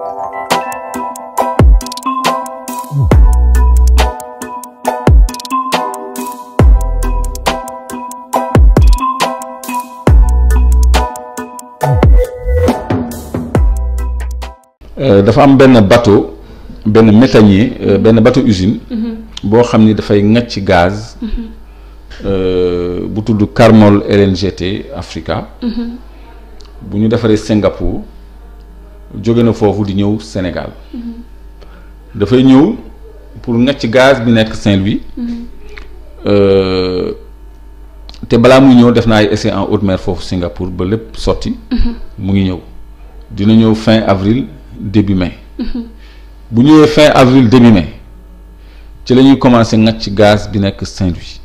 Euh, dafa am benn bateau benn méthanier euh, benn bateau usine. Mhm. boo xam ni dafay ngacc gaz. Mhm. Euh, bu tudd Carmol LNGT Africa. Mhm. bu ñu defaree Singapour jóge na foofu di ñëw Sénégal dafay ñëw pour ngacc gaz bi nekk Saint-Louis euh, te balaa muy ñëw def naa ay essai en haute mer foofu Singapour ba lépp sotti mu ngi ñëw dina ñëw fin avril début mai bu ñëwee fin avril début mai ci la ñuy commencé ngacc gaz bi nekk Saint-Louis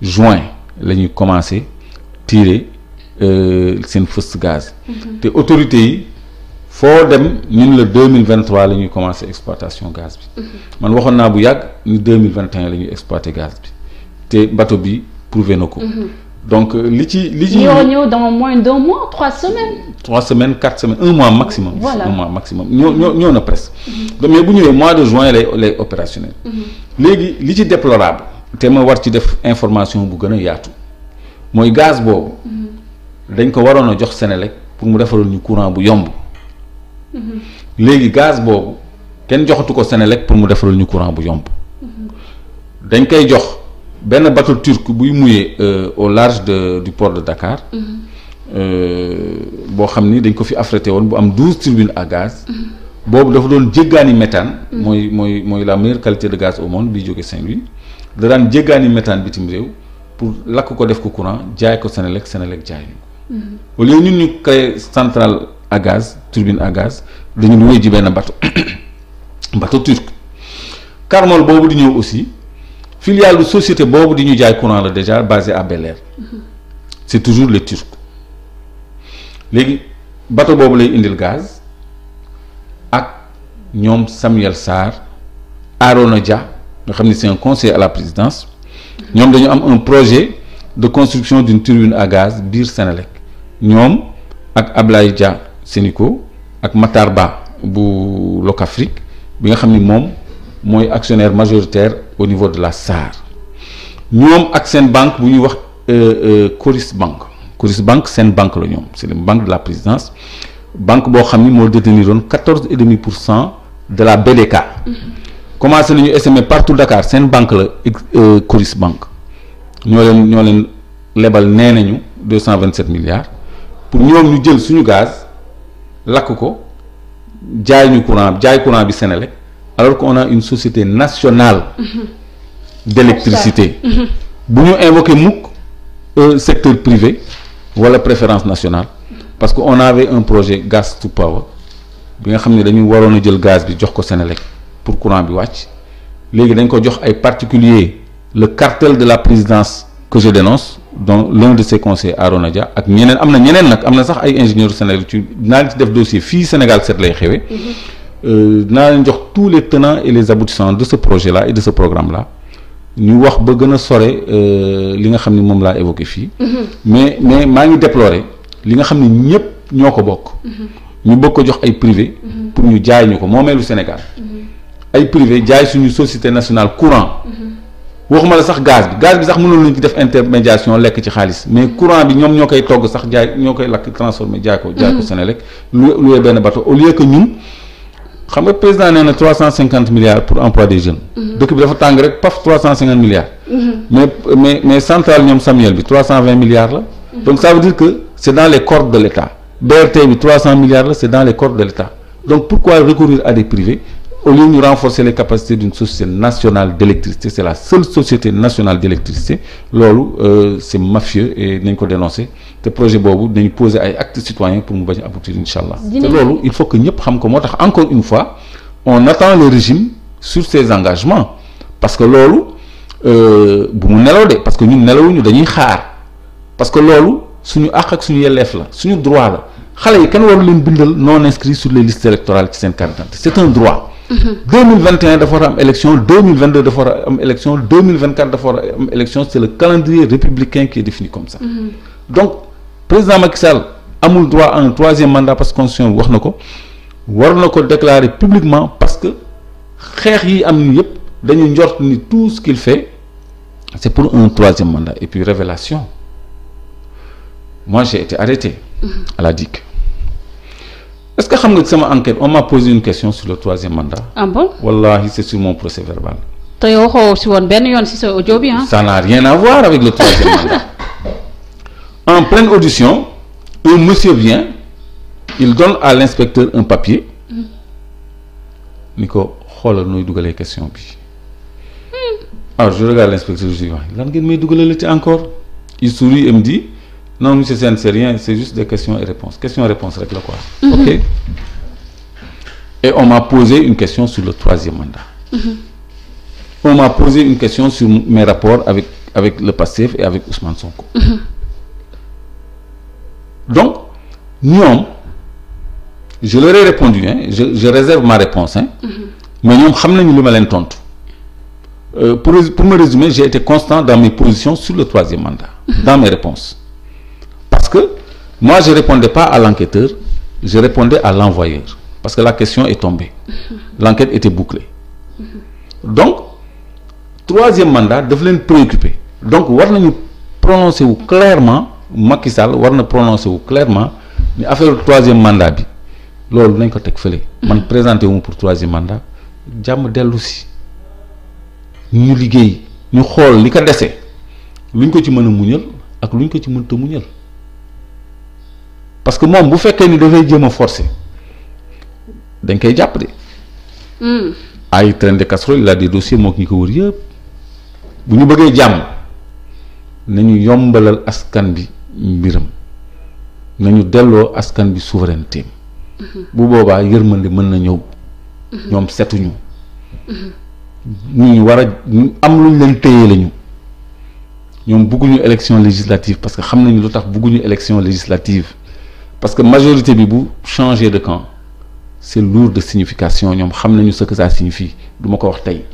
juin la ñuy commencé tirer euh, seen fës gaz te autorités yi foo dem ñun la deux mille vingt trois la ñuy commencé exploitation gaz bi. Mhm. man waxoon naa bu yàgg ñu deux mille vingt et un la ñuy bi te bateau bi prouvé na ko. Mhm. donc euh, li ci li ci. ñoo ñëw dans moins d'un mois trois semaines. trois semaines un mois maximum. voilà un mois maximum ñoo ñoo ñoo na presque. Mhm. mais bu ñëwee mois de juin lay lay opérationnel. léegi li ci déplorable. te ma war ci def information bu gën a yaatu. mooy gaz boobu. dañ ko waroon a jox Senelec pour mu defaroon ñu courant bu yomb. léegi gaz boobu kenn joxatu ko Senelec pour mu defaral ñu courant bu yomb. dañ koy jox benn bateau turc buy muyee euh, au large de du port de Dakar. Euh, boo xam ni dañ ko fi affrété woon bu am douze turbines à gaz. boobu dafa doon jéggaani méthane. mooy mooy mooy la meilleure qualité de gaz au monde biy jóge Saint-Louis. da daan jéggaani méthane bitim réew pour lakk ko def ko courant jaay ko Senelec Senelec jaay ñu ko. Mhm. ñun ñu créé à gaz turbine à gaz dañu loué ji benn bateau bateau turc Carmol boobu di ñëw aussi filiale société boobu di ñu jaay courant la déjà basé à Bel Air mhm. c'est toujours les Turcs léegi bateau boobu lay indil gaz ak ñoom Samuel Sarr Arona Dia nga xam ni c'est conseil conseiller la présidence mhm. ñoom dañu am un projet de construction d'une turbine à gaz biir Sénélec ñoom ak Ablaye Dia Sénico ak Matar Ba bu Locafrique bi nga xam ni moom mooy actionnaire majoritaire au niveau de la SAR ñoom ak seen banque bu ñuy wax euh, euh, Coris Bank Coris Bank seen banque la ñoom c'est une banque de la présidence banque boo xam ni moo détenir doon quatorze et pour cent de la BDK mm-hmm. commencé nañu SME partout Dakar seen banque la euh, Coris Bank ñoo leen ñoo leen lebal nee nañu deux cent vingt sept milliards pour ñoom ñu jël suñu gaz lakk ko jaay ñu courant jaay courant bi Senelec alors qu'on a une société nationale d'électricité bu ñu invoqué mukk secteur privé wala préférence nationale parce que on avait un projet gas to power bi nga xam ne dañu waroon a jël gaz bi jox ko Senelec pour courant bi wàcc léegi dañ ko jox ay particulier le cartel de la présidence que je dénonce donc l'un de ses conseillers Arona Dia ak ñeneen am na ñeneen nag am na sax ay ingénieurs Sénégal ci dinaa leen ci def dossier fii Sénégal set lay xewee dinaa euh, leen jox tous les tenants et les aboutissants de ce projet la et de ce programme là ñu wax ba gën a sore euh, li nga xam ne moom laa évoqué fii mais mais maa ngi déplorer li nga xam ne ñépp ñoo ko bokk ñu bokk jox ay privé pour ñu jaay ñu ko moomeelu Sénégal ay privé jaay suñu société nationale courant waxuma la sax gaz bi gaz bi sax mënul nañ ci def intermédiation lekk ci xaalis mais courant bi ñoom ñoo koy togg sax jaay ñoo koy lakk transformé jaay ko jaay ko mhm. Senelec lu luwee benn bateau au lieu que ñun xam nga président nee trois cent cinquante milliards pour emploi des jeunes mhm. dëkk bi dafa tàng rek paf trois cent cinquante milliards mhm. mais mais mais centrale ñoom Samuel bi trois cent vingt milliards la donc ça veut dire que c' dans les l' état BRT bi trois cent milliards la c' est dans les cordes de l' au lieu ñu renforcer les capacités d'une société nationale d'électricité c'est la seule société nationale d'électricité loolu euh, c'est mafieux et nañ ko dénoncer te projet boobu dañu poser ay actes citoyens pour mu bañ a aboutir incha allah te loolu il faut que ñëpp xam ko moo tax encore une fois on attend le régime sur ses engagements parce que loolu euh, bu mu nelaw de parce que ñun nelawuñu dañuy xaar parce que loolu suñu àq ak suñu yelleef la suñu droit la xale yi kenn waru leen bindal non inscrit ci seen carte d'identité c'est droit deux mille vingt et un dafa war a am élection deux mille vingt deux dafa war a am élection deux mille vingt quatre dafa war am élection c' est calendrier républicain qui est défini comme ça. Mm-hmm. donc président Macky Sall amul droit à un troisième mandat parce que constitution wax na ko war na ko déclarer publiquement parce que xeex yi am ni yëpp dañu njort ni tout ce qu'il fait c' pour un troisième mandat et puis révélation moi j'ai été arrêté mm-hmm. à la est que xam nga sama enquête on m'a posé une question sur le troisième mandat. ah bon wallaahi c'est sur mon procès verbal. te yow waxoo si woon benn yoon si sa audio bi ah. n'a rien à voir avec le troisième mandat. en pleine audition un monsieur bien il donne à l'inspecteur un papier. Mm. ni ko xoolal nooy dugalee question bi. Mm. alors ah, je regarde l'inspecteur je lan ngeen may dugalal ci encore il sourit et non monsieur Sène c'est rien c'est juste des questions et réponses question réponse rek la quoi. Mm-hmm. et on m'a posé une question sur le troisième mandat. Mm-hmm. on m'a posé une question sur mes rapports avec le PASTEF et avec Ousmane Sonko. Mm-hmm. donc ñoom je leur ai répondu je je ma réponse mais ñoom xam nañu li ma leen tontu. Euh, pour pour me résumer j'ai été constant dans mes positions sur le troisième mandat. dans mes réponses. Parce que moi, je répondais pas à l'enquêteur, je répondais à l'envoyeur. Parce que la question est tombée. L'enquête était bouclée. Donc, troisième mandat devait leen préoccuper. Donc, nous devons prononcer clairement, Macky Sall, nous prononcer clairement, mais affaire le troisième mandat. Bi. loolu nañ ko teg fële. man présenté wu pour troisième mandat jàmm dellusi ñu liggéey ñu xool li ko dese luñ ko ci mën a muñal ak luñ ko ci mënta muñal. parce que moom bu fekkee ni dafay jéem a forcer dañ koy jàpp de. Hmm. ay train de casserole il a des dossiers mook ñu ko wër yëpp bu ñu bëggee jàmm nañu yombalal askan bi mbiram nañu delloo askan bi souveraineté hmm. bu boobaa yërmande mën na ñëw. Hmm. ñoom setuñu. ñu war a am ñu leen téye lañu ñoom bugguñu élection législative parce que xam nañu lu tax bugguñu élection législative. parce que majorité bi bu changer de camp c'est lourd de signification ñoom xam nañu ce que ça signifie du ma ko wax tey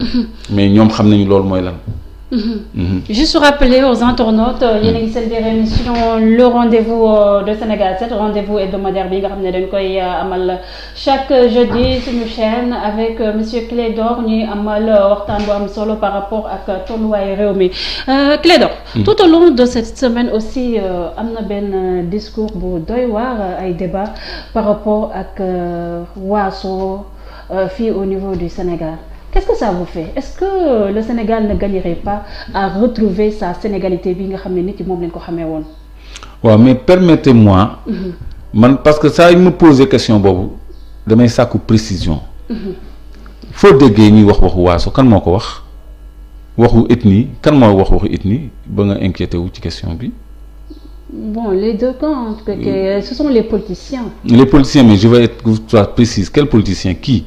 mhm. mais ñoom xam nañu loolu mooy lan Mm-hmm. Mm-hmm. Mm-hmm. juste rappeler aux internautes yéen a ngi seen biir émission le rendez-vous euh, de Sénégal 7 rendez-vous hebdomadaire bi nga xam ne dañ koy euh, amal chaque euh, jeudi ah. suñu chaîne avec monsieur Clédor ñuy amal waxtaan bu am solo par rapport ak tolluwaayu réew mi Clédor. tout au long de cette semaine aussi am na benn discours bu doy waar ay débat par rapport ak waaso fii au niveau du Sénégal. est-ce que ça vous fait est-ce que euh, le Sénégal ne gagnerait pas à retrouver sa sénégalité bi nga xam ne nit yi moom lañ ko xamee woon. waaw mais permettez-moi. Mhm. man parce que saa yu ma poser question boobu damay sàkku précision. Mhm. foo déggee ñuy wax waxu waaso kan moo ko wax waxu ethnie kan mooy wax waxu ethnie ba nga inquiété wu ci question bi. bon les deux camps que, que euh, ce sont les politiciens. les politiciens mais je vais être soit précise quel politicien qui.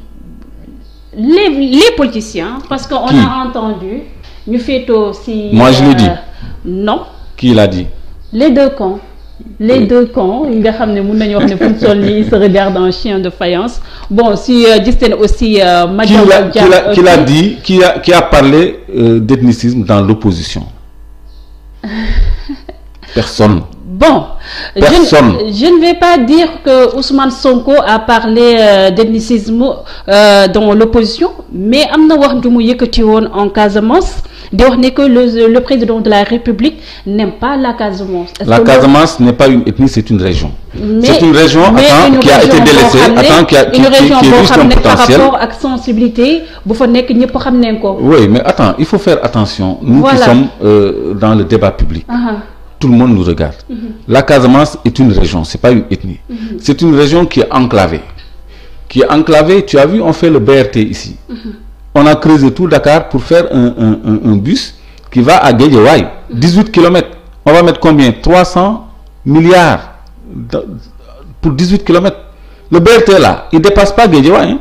les les politiciens. parce que on qui? a entendu ñu féetoo si. moi je l'ai dit. Euh, non. qui l'a dit. les deux camps. les oui. deux camps yi nga xam ne mun nañu wax ne fu mu toll nii se regarde en chien de fayance bon si euh, gis nañu aussi. Euh, Madiambal Diagne qui l'a qui l'a dit qui a qui a parlé euh, d'ethnicisme dans l'opposition personne. Bon, Personne. Je, je, ne vais pas dire que Ousmane Sonko a parlé euh, d'ethnicisme euh, dans l'opposition, mais amna wax que tu en Casamance, de que le, le, président de la République n'aime pas la Casamance. La Casamance n'est pas une ethnie, c'est une région. C'est une région, attends, une qui a été délaissée, attends, qui a qui, une région qui, qui est juste un potentiel. à sensibilité, Oui, mais attends, il faut faire attention. Nous voilà. sommes euh, dans le débat public. tout le monde nous regarde. Mm-hmm. La Casamance est une région, c'est pas une ethnie. Mm-hmm. C'est une région qui est enclavée. Qui est enclavée, tu as vu, on fait le BRT ici. Mm-hmm. On a creusé tout Dakar pour faire un, un, un, un bus qui va à Guédiawaye, 18 km. On va mettre combien milliards pour 18 km. Le BRT là, il dépasse pas Guédiawaye.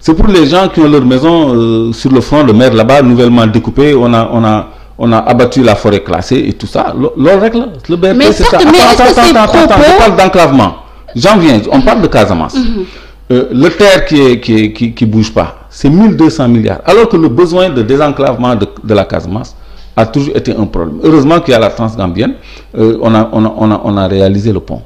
C'est pour les gens qui ont leur maison euh, sur le front de mer là-bas, nouvellement découpée. on a abattu la forêt classée et tout ça loolu le BRT c'est ça mais certes mais on parle j'en viens on parle de Casamance. Mm-hmm. Euh, le TER qui est qui est qui qui bouge pas c'est 1200 milliards alors que le besoin de désenclavement de de la Casamance a toujours été un problème heureusement qu'il y a la Transgambienne euh, on a réalisé le pont.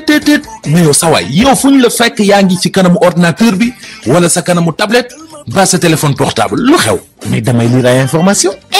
téet téet mais yow sa yow fu ñu la fekk yaa ngi ci kanamu ordinateur bi wala sa kanamu tablette ba téléphone portable lu xew mais damay lire ay information